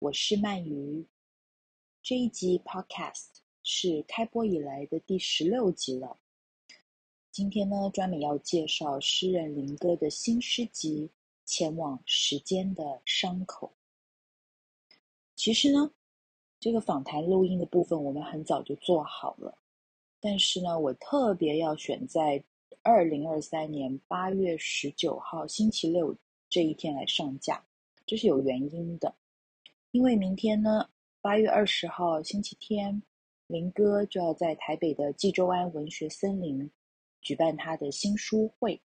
我是鰻魚，這一集 Podcast 是開播以來的第十六集了。今天呢，專門要介紹詩人靈歌的新詩集《前往時間的傷口》。其實呢，這個訪談錄音的部分我們很早就做好了，但是呢，我特別要選在二零二三年八月十九號星期六這一天來上架，這是有原因的。因為明天呢，八月二十號星期天，靈歌就要在台北的紀州庵文學森林舉辦他的新書會，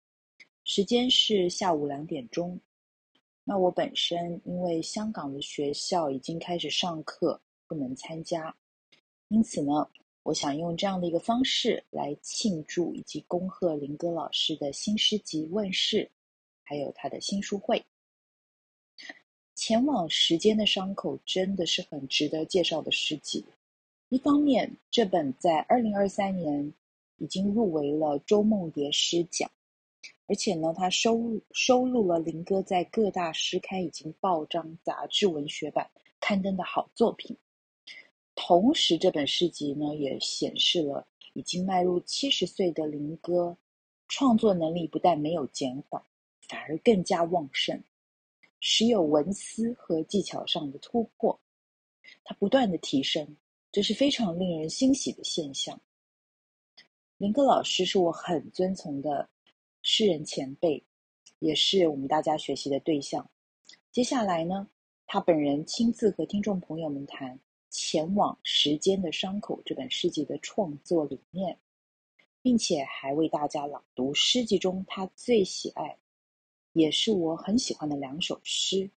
時間是下午兩點鐘。那我本身因為香港的學校已經開始上課，不能參加，因此呢，我想用這樣的一個方式來慶祝以及恭賀靈歌老師的新詩集問世，還有他的新書會。前往時間的傷口真的是很值得介紹的詩集。一方面，這本在二零二三年已經入圍了周夢蝶詩獎，而且呢，它收收錄了靈歌在各大詩刊、已經報章、雜誌、文學版刊登的好作品。同時，這本詩集呢，也顯示了已經邁入七十歲的靈歌，創作能力不但沒有減緩，反而更加旺盛。時有文思和技巧上的突破，他不斷的提升，這是非常令人欣喜的現象。靈歌老師是我很尊崇的詩人前輩，也是我們大家學習的對象。接下來呢，他本人親自和聽眾朋友們談《前往時間的傷口》這本詩集的創作理念，並且還為大家朗讀詩集中他最喜愛，也是我很喜歡的兩首詩。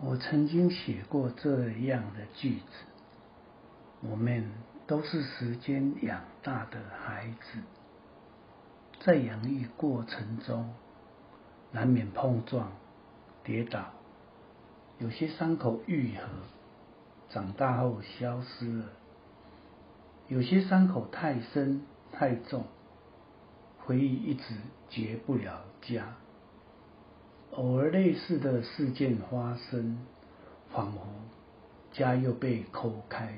我曾經寫過這樣的句子：我們都是時間養大的孩子，在養育過程中難免碰撞、跌倒，有些傷口愈合，長大後消失了；有些傷口太深太重，回憶一直結不了痂。偶爾類似的事件發生，仿佛痂又被摳開。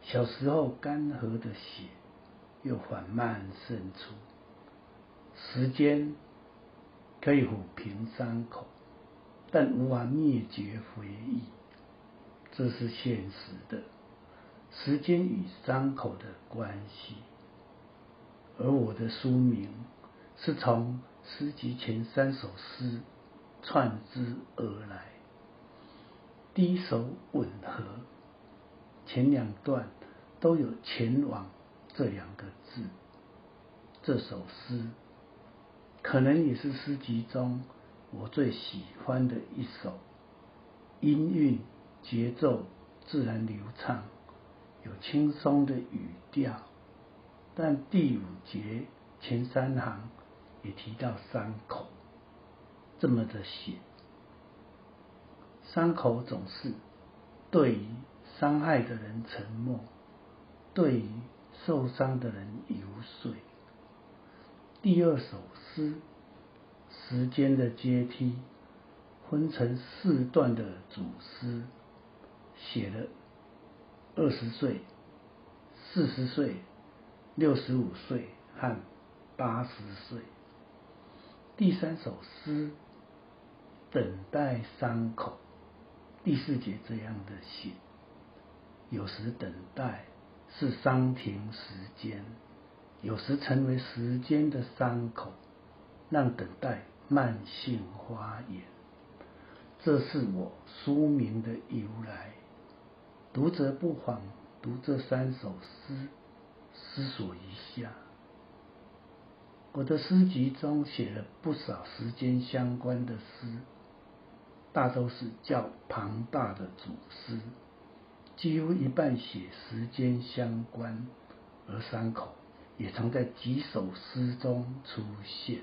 小時候乾涸的血又緩慢滲出。時間可以撫平傷口，但無法滅絕回憶。這是現實的，時間與傷口的關係。而我的書名是從。詩集前三首詩串之而來，第一首吻合，前兩段都有“前往”這兩個字。這首詩可能也是詩集中我最喜歡的一首，音韻、節奏自然流暢，有輕鬆的語調。但第五節前三行。也提到傷口這麼的寫，傷口總是對於傷害的人沉默，對於受傷的人遊說。第二首詩《時間的階梯》，分成四段的組詩，寫了二十歲、四十歲、六十五歲和八十歲。第三首詩，等待傷口，第四節這樣的寫，有時等待是傷停時間，有時成為時間的傷口，讓等待慢性發炎。這是我書名的由來。讀者不妨讀這三首詩，思索一下。我的詩集中寫了不少時間相關的詩，大都是較龐大的組詩，幾乎一半寫時間相關，而傷口也曾在幾首詩中出現。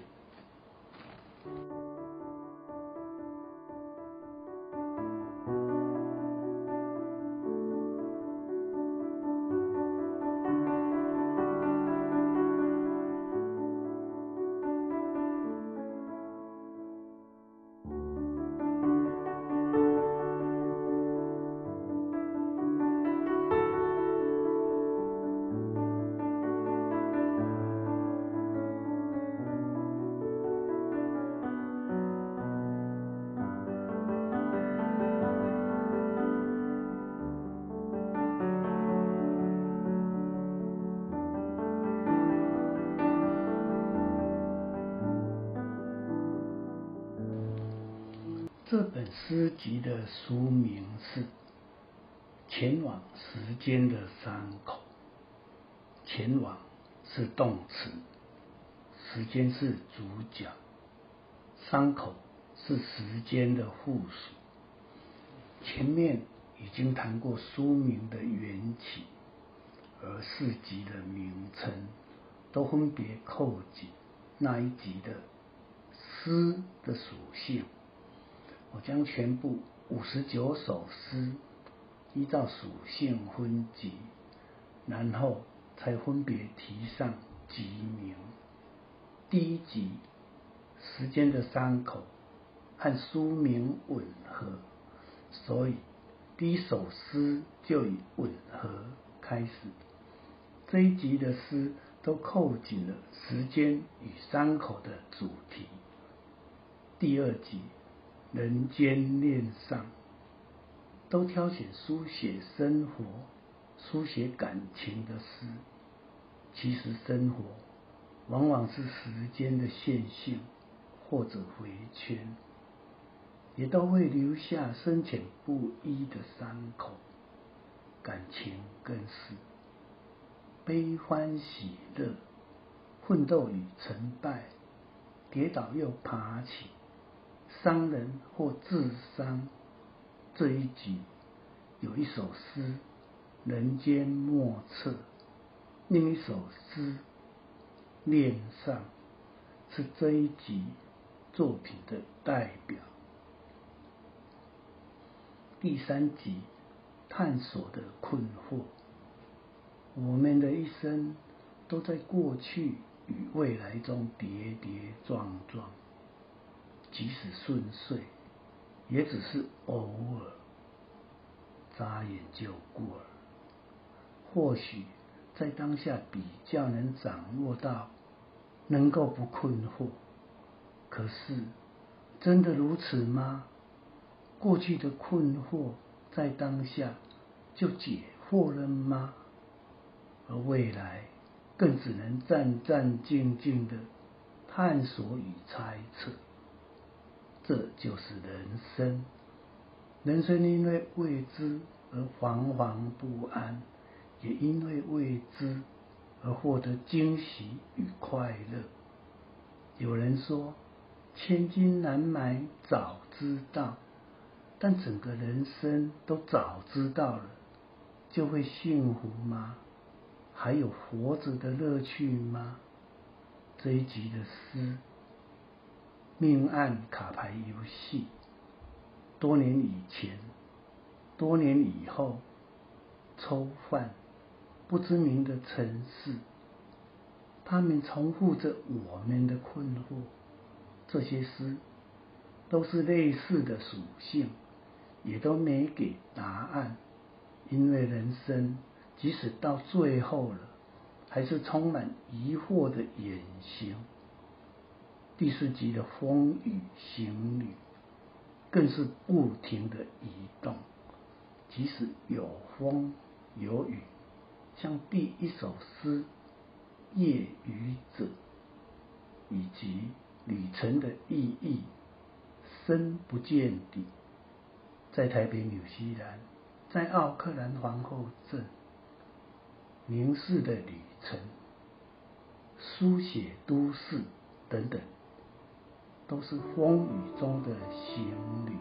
這本詩集的書名是《前往時間的傷口》。前往是動詞，時間是主角，傷口是時間的附屬。前面已經談過書名的緣起，而四集的名稱都分別扣緊那一集的詩的屬性。我將全部五十九首詩依照屬性分級，然後才分別題上集名。第一集“時間的傷口”和書名吻合，所以第一首詩就以吻合開始。這一集的詩都扣緊了時間與傷口的主題。第二集。人間戀上，都挑選書寫生活、書寫感情的詩。其實生活往往是時間的線性，或者回圈，也都會留下深淺不一的傷口。感情更是悲歡喜樂、奮鬥與成敗、跌倒又爬起。傷人或自傷，這一集有一首詩，《人間莫測》。另一首詩《戀上》是這一集作品的代表。第三集《探索的困惑》，我們的一生都在過去與未來中跌跌撞撞。即使順遂，也只是偶爾，眨眼就過了。或許在當下比較能掌握到，能夠不困惑。可是，真的如此嗎？過去的困惑在當下就解惑了嗎？而未來，更只能戰戰兢兢的探索與猜測。這就是人生。人生因為未知而惶惶不安，也因為未知而獲得驚喜與快樂。有人說，千金難買早知道，但整個人生都早知道了，就會幸福嗎？還有活着的樂趣嗎？這一集的詩。命案卡牌遊戲，多年以前，多年以後，抽換，不知名的城市，他們重複着我們的困惑，這些詩，都是類似的屬性，也都沒給答案，因為人生即使到最後了，還是充滿疑惑的眼神。第四集的風雨行旅，更是不停的移動，即使有風有雨，像第一首詩《夜雨者》，以及旅程的意義，深不見底，在台北、紐西蘭、在奧克蘭皇後鎮，凝視的旅程，書寫都市等等。都是風雨中的行旅。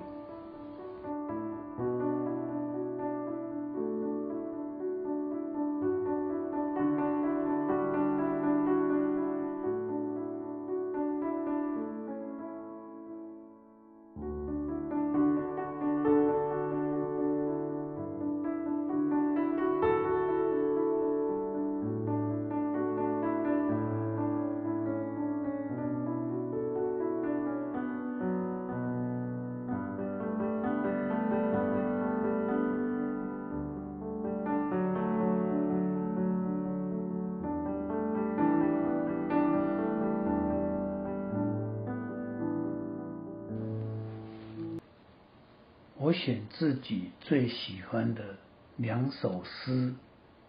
我選自己最喜歡的兩首詩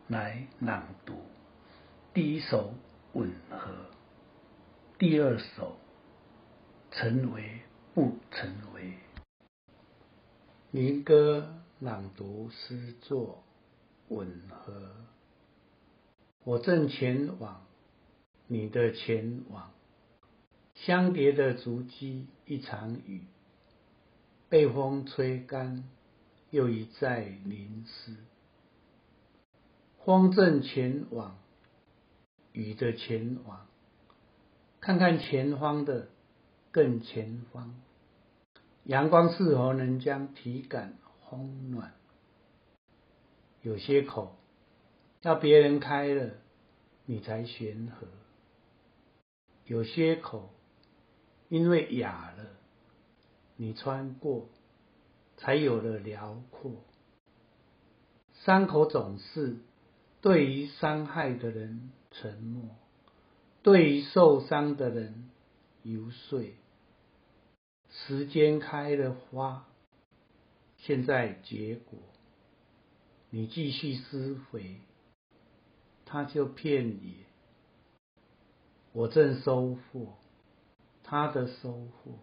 來朗讀。第一首《吻合》，第二首《成為不成為》。靈歌朗讀詩作《吻合》。我正前往，你的前往，相疊的足跡，一場雨。被風吹乾，又一再淋濕。風正前往，雨的前往，看看前方的更前方，陽光是否能將體感烘暖？有些口要別人開了，你才懸河；有些口因為埡了。你穿過，才有了遼闊。傷口總是對於傷害的人沉默，對於受傷的人遊說。時間開了花，現在結果。你繼續施肥，它就遍野。我正收穫，它的收穫。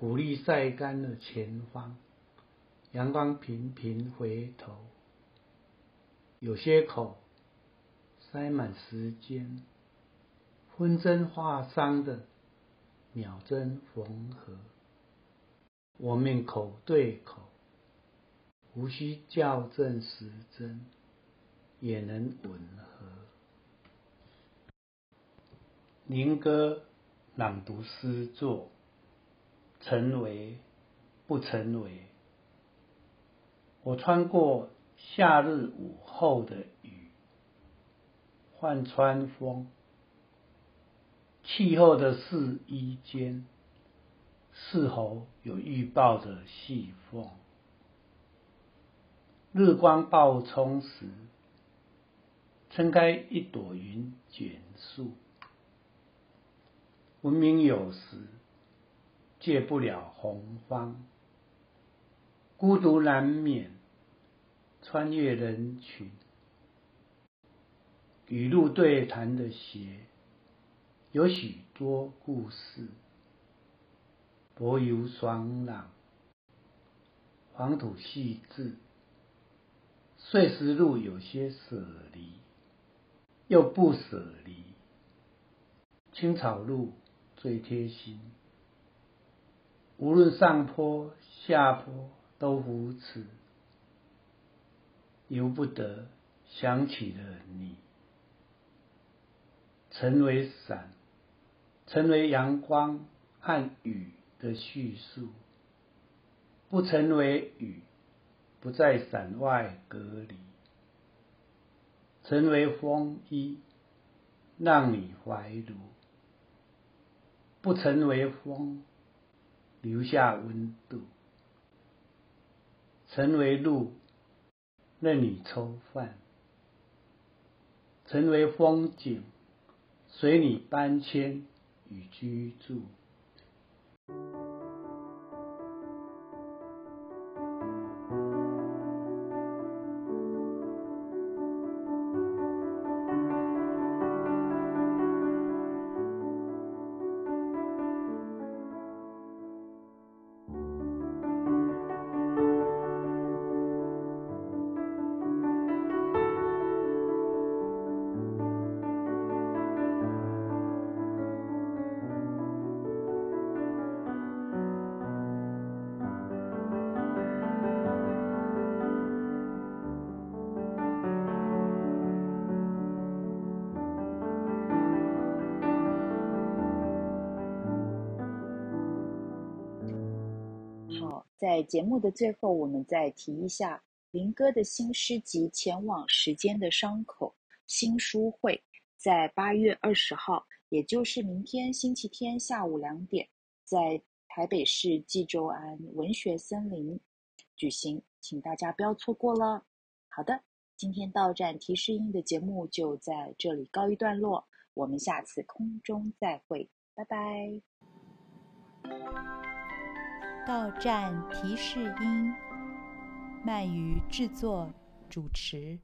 穀粒曬乾了，前方，陽光頻頻回頭，有些口塞滿時間，分針劃傷的秒針縫合，我們口對口，無需校正時針，也能吻合。靈歌朗讀詩作。成為，不成為。我穿過夏日午後的雨，換穿風，氣候的試衣間，是否有預報的隙縫？日光暴衝時，撐開一朵雲減速，文明有時，戒不了洪荒，孤獨難免。穿越人群，與路對談的鞋，有許多故事。柏油爽朗，黃土細緻，碎石路有些捨離，又不捨離。青草路最貼心。無論上坡下坡都扶持，由不得想起了你，成為傘，成為陽光和雨的敘述，不成為雨，不在傘外隔離，成為風衣，讓你懷爐，不成為風。留下溫度，成為路，任你抽換，成為風景，隨你搬遷與居住。在節目的最後，我們再提一下靈歌的新詩集《前往時間的傷口》新書會，在八月二十號，也就是明天星期天下午兩點，在台北市紀州庵文學森林舉行，請大家不要錯過了。好的，今天到站提示音的節目就在這裡告一段落，我們下次空中再會，拜拜。到站提示音，鰻魚製作主持。